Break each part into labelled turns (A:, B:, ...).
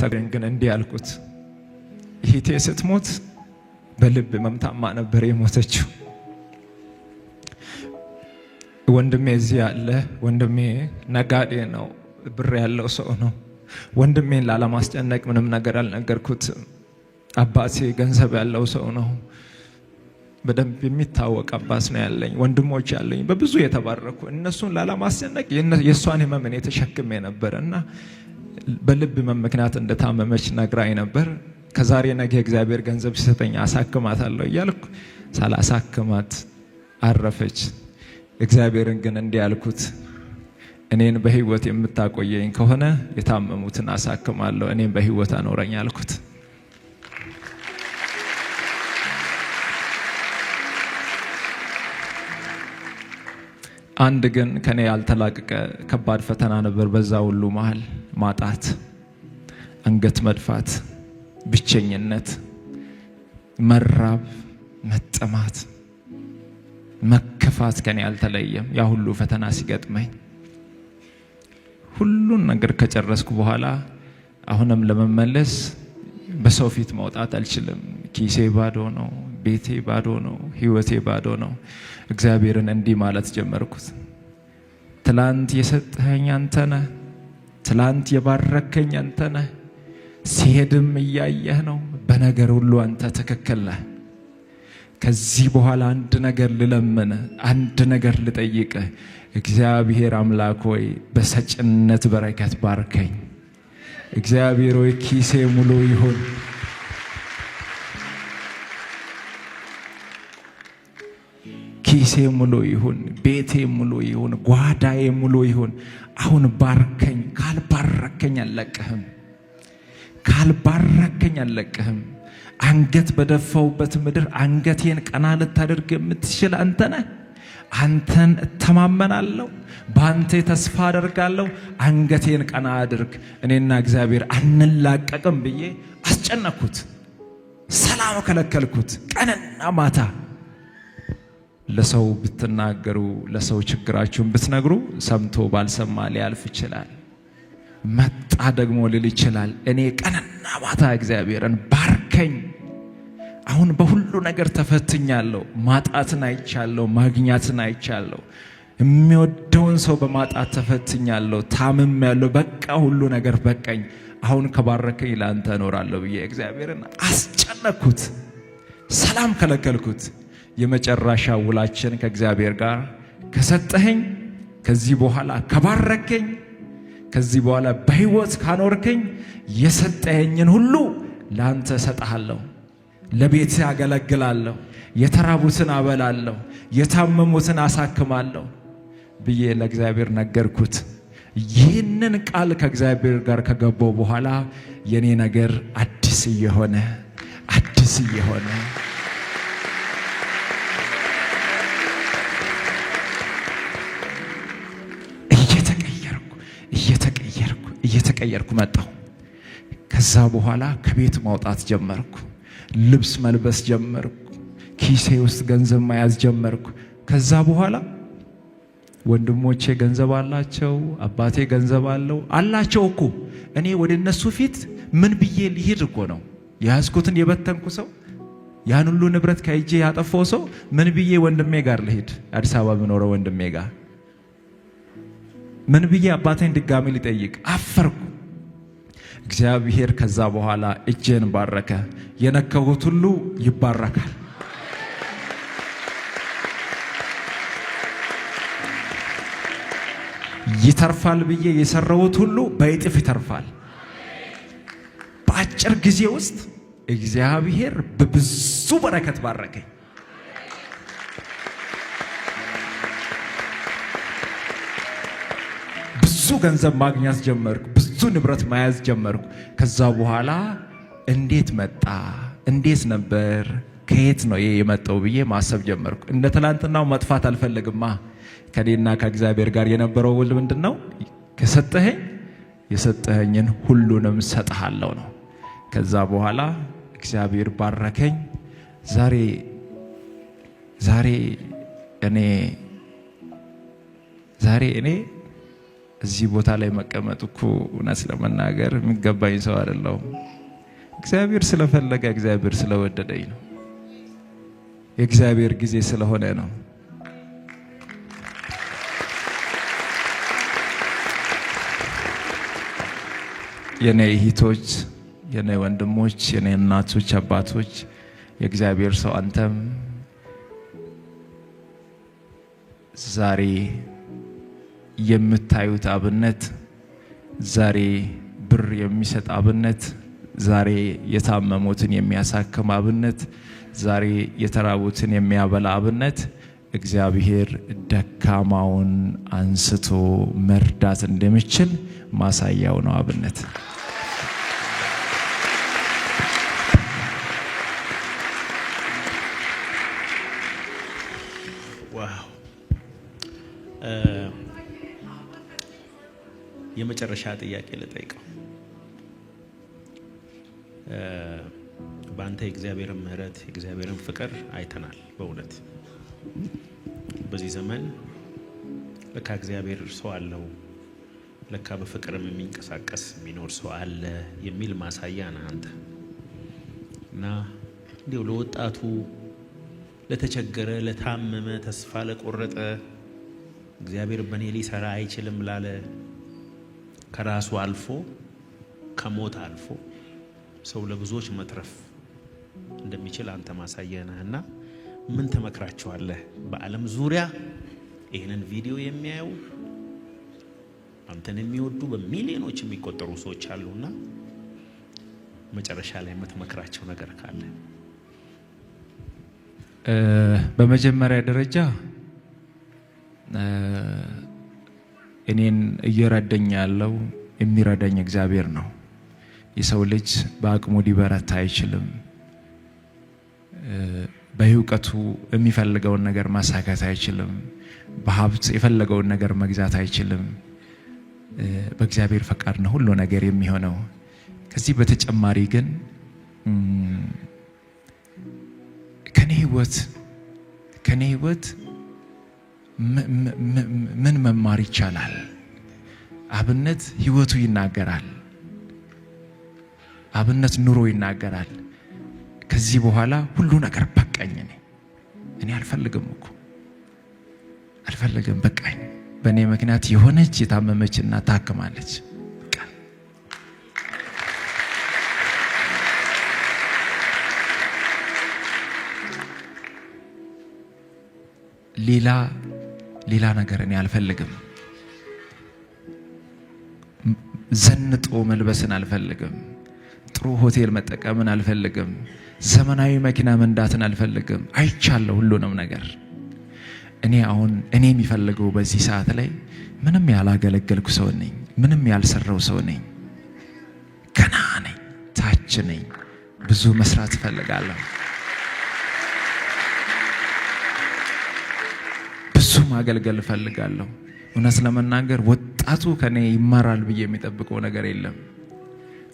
A: ታዲያን ግን እንዲህ ያልኩት እህቴ ስትሞት በልብ መምታማ ነበር የሞተችው። ወንድሜ እዚህ ያለ ወንድሜ ነጋዴ ነው፣ ብር ያለው ሰው ነው። ወንድሜን ላለማስጨነቅ ምንም ነገር አልነገርኩትም። አባቴ ገንዘብ ያለው ሰው ነው። በደንብ የሚታወቅ አባት ነው ያለኝ። ወንድሞች ያለኝ በብዙ የተባረኩ እነሱን ላለማስጨነቅ የእሷን ህመምን የተሸክሜ ነበረ እና በልብ መመክንያት እንደታመመች ነግራኝ ነበር። ከዛሬ ነገ እግዚአብሔር ገንዘብ ሲሰጠኝ አሳክማታለሁ እያልኩ ሳላሳክማት አረፈች። እግዚአብሔርን ግን እንዲህ ያልኩት እኔን በሕይወት የምታቆየኝ ከሆነ የታመሙትን አሳክማለሁ፣ እኔን በሕይወት አኖረኝ አልኩት። አንድ ግን ከኔ ያልተላቀቀ ከባድ ፈተና ነበር። በዛ ሁሉ መሀል ማጣት፣ አንገት መድፋት፣ ብቸኝነት፣ መራብ፣ መጠማት፣ መከፋት ከኔ አልተለየም። ያ ሁሉ ፈተና ሲገጥመኝ ሁሉን ነገር ከጨረስኩ በኋላ አሁንም ለመመለስ በሰው ፊት መውጣት አልችልም። ኪሴ ባዶ ነው። ቤቴ ባዶ ነው፣ ህይወቴ ባዶ ነው። እግዚአብሔርን እንዲህ ማለት ጀመርኩት። ትላንት የሰጠኸኝ አንተ ነህ። ትላንት የባረከኝ አንተ ነህ። ሲሄድም እያየህ ነው። በነገር ሁሉ አንተ ትክክል ነህ። ከዚህ በኋላ አንድ ነገር ልለምን፣ አንድ ነገር ልጠይቀ እግዚአብሔር አምላክ ሆይ በሰጭነት በረከት ባርከኝ። እግዚአብሔር ሆይ ኪሴ ሙሉ ይሁን። ኪሴ ሙሉ ይሁን፣ ቤቴ ሙሉ ይሁን፣ ጓዳዬ ሙሉ ይሁን። አሁን ባርከኝ። ካልባረከኝ አልለቅህም፣ ካልባረከኝ አልለቅህም። አንገት በደፋውበት ምድር አንገቴን ቀና ልታደርግ የምትችል አንተ ነህ። አንተን እተማመናለሁ፣ በአንተ ተስፋ አደርጋለሁ። አንገቴን ቀና አድርግ፣ እኔና እግዚአብሔር አንላቀቅም ብዬ አስጨነኩት። ሰላም ከለከልኩት ቀንና ማታ ለሰው ብትናገሩ ለሰው ችግራችሁን ብትነግሩ ሰምቶ ባልሰማ ሊያልፍ ይችላል። መጣ ደግሞ ልል ይችላል። እኔ ቀንና ማታ እግዚአብሔርን ባርከኝ። አሁን በሁሉ ነገር ተፈትኛለሁ። ማጣትን አይቻለሁ፣ ማግኛትን አይቻለሁ። የሚወደውን ሰው በማጣት ተፈትኛለሁ፣ ያለው በቃ ሁሉ ነገር በቃኝ። አሁን ከባረከኝ ለአንተ እኖራለሁ ብዬ እግዚአብሔርን አስጨነኩት ሰላም ከለከልኩት። የመጨረሻ ውላችን ከእግዚአብሔር ጋር ከሰጠኸኝ፣ ከዚህ በኋላ ከባረከኝ፣ ከዚህ በኋላ በሕይወት ካኖርከኝ የሰጠኸኝን ሁሉ ለአንተ እሰጥሃለሁ፣ ለቤት ያገለግላለሁ፣ የተራቡትን አበላለሁ፣ የታመሙትን አሳክማለሁ ብዬ ለእግዚአብሔር ነገርኩት። ይህንን ቃል ከእግዚአብሔር ጋር ከገባው በኋላ የኔ ነገር አዲስ እየሆነ አዲስ እየሆነ እየተቀየርኩ መጣሁ። ከዛ በኋላ ከቤት ማውጣት ጀመርኩ። ልብስ መልበስ ጀመርኩ። ኪሴ ውስጥ ገንዘብ መያዝ ጀመርኩ። ከዛ በኋላ ወንድሞቼ ገንዘብ አላቸው፣ አባቴ ገንዘብ አለው አላቸው እኮ እኔ ወደ እነሱ ፊት ምን ብዬ ሊሄድ እኮ ነው የያዝኩትን የበተንኩ ሰው ያን ሁሉ ንብረት ከእጄ ያጠፋው ሰው ምን ብዬ ወንድሜ ጋር ልሄድ? አዲስ አበባ ብኖረው ወንድሜ ጋር ምን ብዬ አባቴን ድጋሚ ሊጠይቅ አፈርኩ። እግዚአብሔር ከዛ በኋላ እጄን ባረከ። የነከሁት ሁሉ ይባረካል። ይተርፋል ብዬ የሰራሁት ሁሉ በእጥፍ ይተርፋል። በአጭር ጊዜ ውስጥ እግዚአብሔር በብዙ በረከት ባረከኝ። ብዙ ገንዘብ ማግኘት ጀመርኩ። ብዙ ንብረት መያዝ ጀመርኩ። ከዛ በኋላ እንዴት መጣ፣ እንዴት ነበር፣ ከየት ነው የመጣው ብዬ ማሰብ ጀመርኩ። እንደ ትናንትናው መጥፋት አልፈለግማ። ከኔና ከእግዚአብሔር ጋር የነበረው ውል ምንድን ነው? ከሰጠኸኝ የሰጠኸኝን ሁሉንም ሰጥሃለሁ ነው። ከዛ በኋላ እግዚአብሔር ባረከኝ። ዛሬ ዛሬ እኔ ዛሬ እኔ እዚህ ቦታ ላይ መቀመጥ እኮ እውነት ስለመናገር የሚገባኝ ሰው አይደለሁም። እግዚአብሔር ስለፈለገ እግዚአብሔር ስለወደደኝ ነው። የእግዚአብሔር ጊዜ ስለሆነ ነው። የኔ እህቶች፣ የኔ ወንድሞች፣ የኔ እናቶች፣ አባቶች፣ የእግዚአብሔር ሰው አንተም ዛሬ የምታዩት አብነት ዛሬ ብር የሚሰጥ አብነት፣ ዛሬ የታመሙትን የሚያሳክም አብነት፣ ዛሬ የተራቡትን የሚያበላ አብነት እግዚአብሔር ደካማውን አንስቶ መርዳት እንደሚችል ማሳያው ነው። አብነት ዋው የመጨረሻ ጥያቄ ልጠይቀው። በአንተ የእግዚአብሔርን ምሕረት የእግዚአብሔርን ፍቅር አይተናል። በእውነት በዚህ ዘመን ለካ እግዚአብሔር ሰው አለው፣ ለካ በፍቅርም የሚንቀሳቀስ የሚኖር ሰው አለ የሚል ማሳያ ነህ አንተ እና እንዲሁ ለወጣቱ ለተቸገረ፣ ለታመመ፣ ተስፋ ለቆረጠ እግዚአብሔር በእኔ ሊሰራ አይችልም ላለ ከራሱ አልፎ ከሞት አልፎ ሰው ለብዙዎች መትረፍ እንደሚችል አንተ ማሳየ ነህና ምን ትመክራቸዋለህ? በዓለም ዙሪያ ይህንን ቪዲዮ የሚያዩ አንተን የሚወዱ በሚሊዮኖች የሚቆጠሩ ሰዎች አሉና መጨረሻ ላይ የምትመክራቸው ነገር ካለ? በመጀመሪያ ደረጃ እኔን እየረደኝ ያለው የሚረዳኝ እግዚአብሔር ነው። የሰው ልጅ በአቅሙ ሊበረታ አይችልም። በእውቀቱ የሚፈልገውን ነገር ማሳካት አይችልም። በሀብት የፈለገውን ነገር መግዛት አይችልም። በእግዚአብሔር ፈቃድ ነው ሁሉ ነገር የሚሆነው። ከዚህ በተጨማሪ ግን ከኔ ህይወት ከኔ ህይወት ምን መማር ይቻላል? አብነት ህይወቱ ይናገራል። አብነት ኑሮ ይናገራል። ከዚህ በኋላ ሁሉ ነገር በቃኝ፣ እኔ እኔ አልፈልግም እኮ አልፈልግም፣ በቃኝ። በእኔ ምክንያት የሆነች የታመመች እና ታክማለች። ሌላ ሌላ ነገር እኔ አልፈልግም። ዘንጦ መልበስን አልፈልግም። ጥሩ ሆቴል መጠቀምን አልፈልግም። ዘመናዊ መኪና መንዳትን አልፈልግም። አይቻለሁ ሁሉንም ነገር። እኔ አሁን እኔ የሚፈልገው በዚህ ሰዓት ላይ ምንም ያላገለገልኩ ሰው ነኝ። ምንም ያልሰራው ሰው ነኝ። ገና ነኝ፣ ታች ነኝ። ብዙ መስራት እፈልጋለሁ። ማገልገል እፈልጋለሁ። እውነት ለመናገር ወጣቱ ከኔ ይማራል ብዬ የሚጠብቀው ነገር የለም።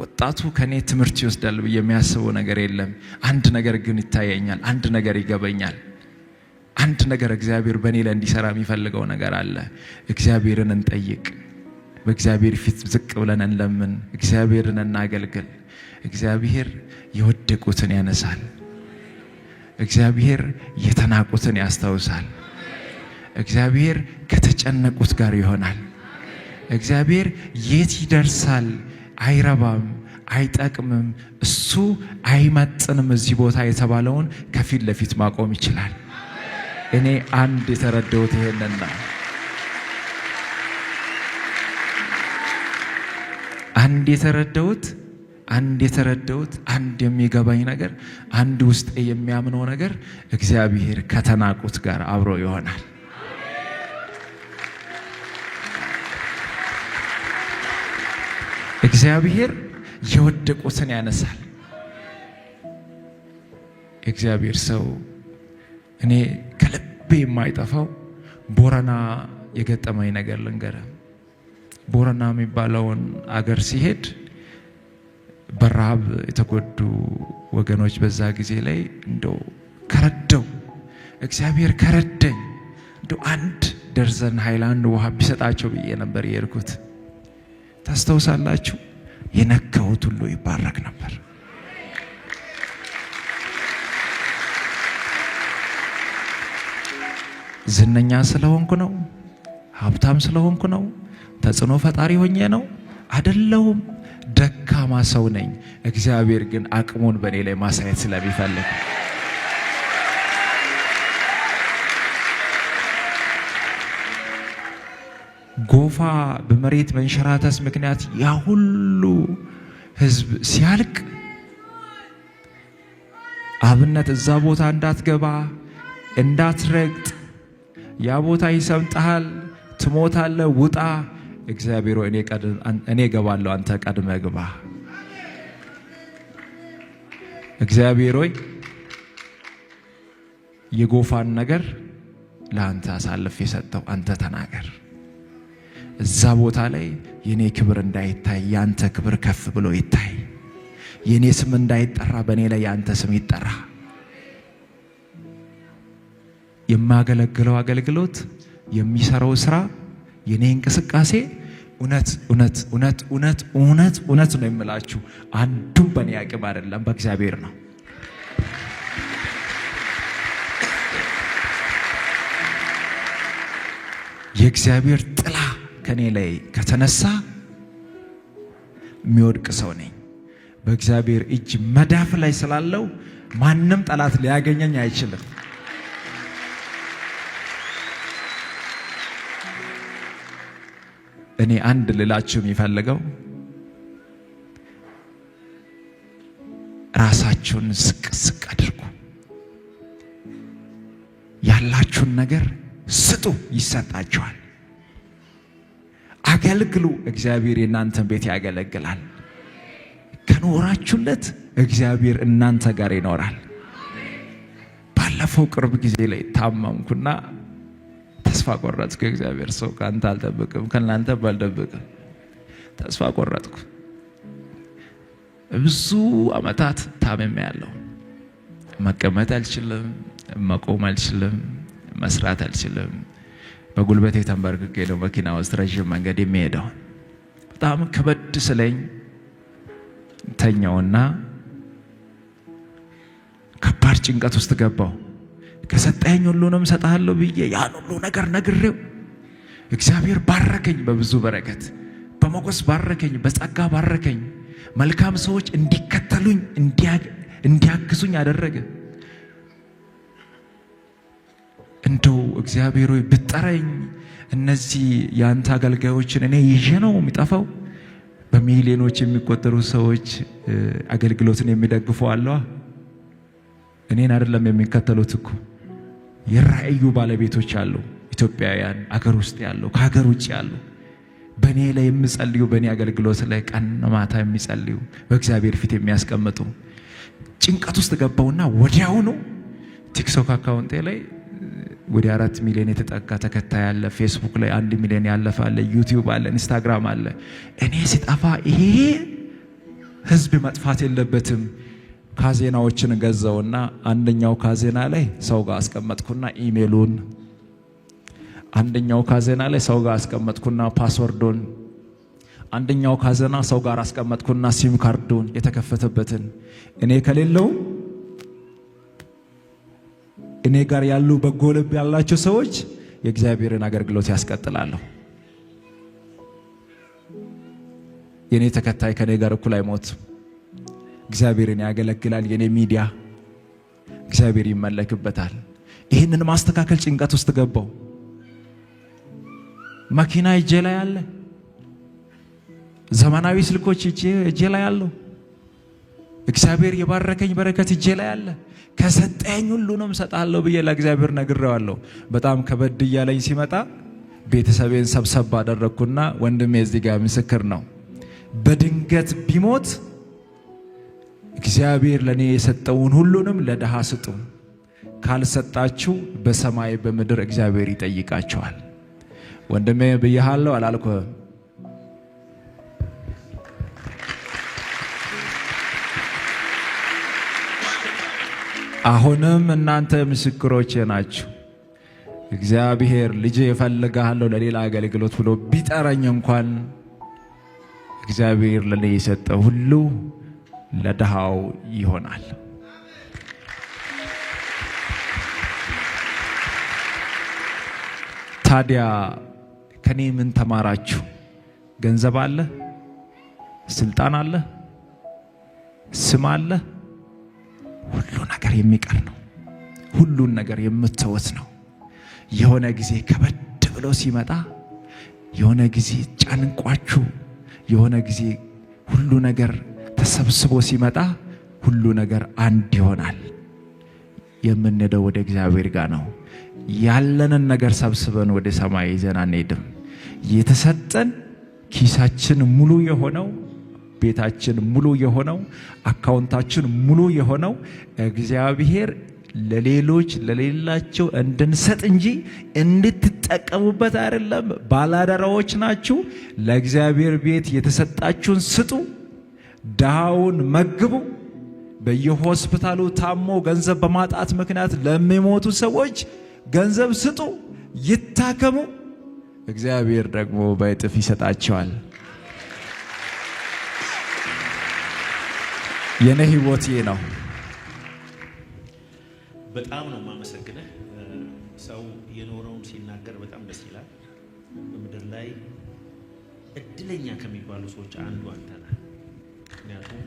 A: ወጣቱ ከኔ ትምህርት ይወስዳል ብዬ የሚያስበው ነገር የለም። አንድ ነገር ግን ይታየኛል፣ አንድ ነገር ይገበኛል። አንድ ነገር እግዚአብሔር በእኔ ላይ እንዲሰራ የሚፈልገው ነገር አለ። እግዚአብሔርን እንጠይቅ። በእግዚአብሔር ፊት ዝቅ ብለን እንለምን። እግዚአብሔርን እናገልግል። እግዚአብሔር የወደቁትን ያነሳል። እግዚአብሔር የተናቁትን ያስታውሳል። እግዚአብሔር ከተጨነቁት ጋር ይሆናል። እግዚአብሔር የት ይደርሳል አይረባም፣ አይጠቅምም፣ እሱ አይመጥንም እዚህ ቦታ የተባለውን ከፊት ለፊት ማቆም ይችላል። እኔ አንድ የተረዳሁት ይሄንና አንድ የተረዳሁት አንድ የተረዳሁት አንድ የሚገባኝ ነገር አንድ ውስጤ የሚያምነው ነገር እግዚአብሔር ከተናቁት ጋር አብሮ ይሆናል። እግዚአብሔር የወደቁትን ያነሳል። የእግዚአብሔር ሰው እኔ ከልቤ የማይጠፋው ቦረና የገጠመኝ ነገር ልንገረ ቦረና የሚባለውን አገር ሲሄድ በረሃብ የተጎዱ ወገኖች በዛ ጊዜ ላይ እንደው ከረደው እግዚአብሔር ከረደኝ እንደው አንድ ደርዘን ሃይላንድ ውሃ ቢሰጣቸው ብዬ ነበር የሄድኩት። ታስታውሳላችሁ? የነካሁት ሁሉ ይባረክ ነበር። ዝነኛ ስለሆንኩ ነው፣ ሀብታም ስለሆንኩ ነው፣ ተጽዕኖ ፈጣሪ ሆኜ ነው አደለውም። ደካማ ሰው ነኝ። እግዚአብሔር ግን አቅሙን በእኔ ላይ ማሳየት ስለሚፈልግ ጎፋ በመሬት መንሸራተስ ምክንያት ያ ሁሉ ህዝብ ሲያልቅ አብነት እዛ ቦታ እንዳትገባ እንዳትረግጥ፣ ያ ቦታ ይሰምጣል ትሞታለ ውጣ። እግዚአብሔር ሆይ እኔ ገባለሁ አንተ ቀድመ ግባ። እግዚአብሔር ሆይ የጎፋን ነገር ለአንተ አሳልፍ የሰጠው አንተ ተናገር። እዛ ቦታ ላይ የኔ ክብር እንዳይታይ ያንተ ክብር ከፍ ብሎ ይታይ። የኔ ስም እንዳይጠራ በእኔ ላይ ያንተ ስም ይጠራ። የማገለግለው አገልግሎት፣ የሚሰራው ስራ፣ የኔ እንቅስቃሴ እውነት እውነት እውነት እውነት እውነት እውነት ነው የምላችሁ፣ አንዱም በእኔ አቅም አይደለም በእግዚአብሔር ነው። የእግዚአብሔር ጥላ ከኔ ላይ ከተነሳ የሚወድቅ ሰው ነኝ። በእግዚአብሔር እጅ መዳፍ ላይ ስላለው ማንም ጠላት ሊያገኘኝ አይችልም። እኔ አንድ ልላችሁ የሚፈልገው ራሳችሁን ዝቅ ዝቅ አድርጉ። ያላችሁን ነገር ስጡ፣ ይሰጣችኋል። አገልግሉ። እግዚአብሔር የእናንተን ቤት ያገለግላል። ከኖራችሁለት እግዚአብሔር እናንተ ጋር ይኖራል። ባለፈው ቅርብ ጊዜ ላይ ታመምኩና ተስፋ ቆረጥኩ። እግዚአብሔር ሰው ከአንተ አልጠብቅም፣ ከእናንተ ባልጠብቅም ተስፋ ቆረጥኩ። ብዙ ዓመታት ታመም ያለው መቀመጥ አልችልም፣ መቆም አልችልም፣ መስራት አልችልም። በጉልበቴ ተንበርክኬ ነው መኪና ውስጥ ረዥም መንገድ የሚሄደው። በጣም ከበድ ስለኝ ተኛውና ከባድ ጭንቀት ውስጥ ገባው። ከሰጠኝ ሁሉንም ሰጥሃለሁ ብዬ ያን ሁሉ ነገር ነግሬው እግዚአብሔር ባረከኝ፣ በብዙ በረከት በመጎስ ባረከኝ፣ በጸጋ ባረከኝ። መልካም ሰዎች እንዲከተሉኝ እንዲያግዙኝ አደረገ። እንደው እግዚአብሔር ሆይ ብጠረኝ እነዚህ የአንተ አገልጋዮችን እኔ ይዤ ነው የሚጠፋው። በሚሊዮኖች የሚቆጠሩ ሰዎች አገልግሎትን የሚደግፉ አለዋ። እኔን አይደለም የሚከተሉት እኮ የራእዩ ባለቤቶች አሉ። ኢትዮጵያውያን አገር ውስጥ ያሉ፣ ከሀገር ውጭ ያሉ በእኔ ላይ የምጸልዩ በእኔ አገልግሎት ላይ ቀን ማታ የሚጸልዩ በእግዚአብሔር ፊት የሚያስቀምጡ ጭንቀት ውስጥ ገባውና ወዲያውኑ ቲክቶክ አካውንቴ ላይ ወደ አራት ሚሊዮን የተጠጋ ተከታይ አለ። ፌስቡክ ላይ አንድ ሚሊዮን ያለፈ አለ። ዩቲዩብ አለ፣ ኢንስታግራም አለ። እኔ ሲጠፋ ይሄ ህዝብ መጥፋት የለበትም። ካዜናዎችን ገዛውና አንደኛው ካዜና ላይ ሰው ጋር አስቀመጥኩና ኢሜሉን አንደኛው ካዜና ላይ ሰው ጋር አስቀመጥኩና ፓስወርዱን አንደኛው ካዜና ሰው ጋር አስቀመጥኩና ሲም ካርዱን የተከፈተበትን እኔ ከሌለው እኔ ጋር ያሉ በጎ ልብ ያላቸው ሰዎች የእግዚአብሔርን አገልግሎት ያስቀጥላሉ። የኔ ተከታይ ከኔ ጋር እኩል አይሞት፣ እግዚአብሔርን ያገለግላል። የኔ ሚዲያ እግዚአብሔር ይመለክበታል። ይህንን ማስተካከል ጭንቀት ውስጥ ገባው። መኪና እጄ ላይ አለ። ዘመናዊ ስልኮች እጄ ላይ አለው። እግዚአብሔር የባረከኝ በረከት እጄ ላይ አለ። ከሰጠኝ ሁሉንም ሰጣለሁ ብዬ ለእግዚአብሔር ነግሬዋለሁ። በጣም ከበድ እያለኝ ሲመጣ ቤተሰቤን ሰብሰብ አደረግኩና ወንድሜ እዚህ ጋር ምስክር ነው። በድንገት ቢሞት እግዚአብሔር ለእኔ የሰጠውን ሁሉንም ለድሃ ስጡ፣ ካልሰጣችሁ በሰማይ በምድር እግዚአብሔር ይጠይቃቸዋል። ወንድሜ ብያሃለሁ አላልኩህም? አሁንም እናንተ ምስክሮቼ ናችሁ። እግዚአብሔር ልጄ እፈልግሃለሁ ለሌላ አገልግሎት ብሎ ቢጠረኝ እንኳን እግዚአብሔር ለእኔ የሰጠ ሁሉ ለድሃው ይሆናል። ታዲያ ከኔ ምን ተማራችሁ? ገንዘብ አለ፣ ስልጣን አለ፣ ስም አለ የሚቀር ነው። ሁሉን ነገር የምትተውት ነው። የሆነ ጊዜ ከበድ ብሎ ሲመጣ፣ የሆነ ጊዜ ጨንቋችሁ፣ የሆነ ጊዜ ሁሉ ነገር ተሰብስቦ ሲመጣ ሁሉ ነገር አንድ ይሆናል። የምንሄደው ወደ እግዚአብሔር ጋር ነው። ያለንን ነገር ሰብስበን ወደ ሰማይ ይዘን አንሄድም። የተሰጠን ኪሳችን ሙሉ የሆነው ቤታችን ሙሉ የሆነው አካውንታችን ሙሉ የሆነው እግዚአብሔር ለሌሎች ለሌላቸው እንድንሰጥ እንጂ እንድትጠቀሙበት አይደለም። ባላደራዎች ናችሁ። ለእግዚአብሔር ቤት የተሰጣችሁን ስጡ፣ ድሃውን መግቡ። በየሆስፒታሉ ታሞ ገንዘብ በማጣት ምክንያት ለሚሞቱ ሰዎች ገንዘብ ስጡ፣ ይታከሙ። እግዚአብሔር ደግሞ በእጥፍ ይሰጣቸዋል። የኔ ህይወት ነው። በጣም ነው የማመሰግነህ። ሰው የኖረውን ሲናገር በጣም ደስ ይላል። በምድር ላይ እድለኛ ከሚባሉ ሰዎች አንዱ አንተ ነህ። ምክንያቱም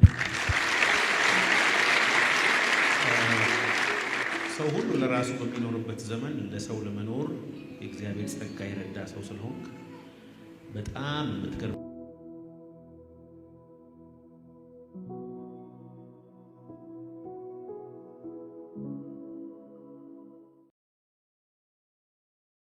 A: ሰው ሁሉ ለራሱ በሚኖርበት ዘመን ለሰው ለመኖር የእግዚአብሔር ጸጋ የረዳ ሰው ስለሆንክ በጣም የምትገርም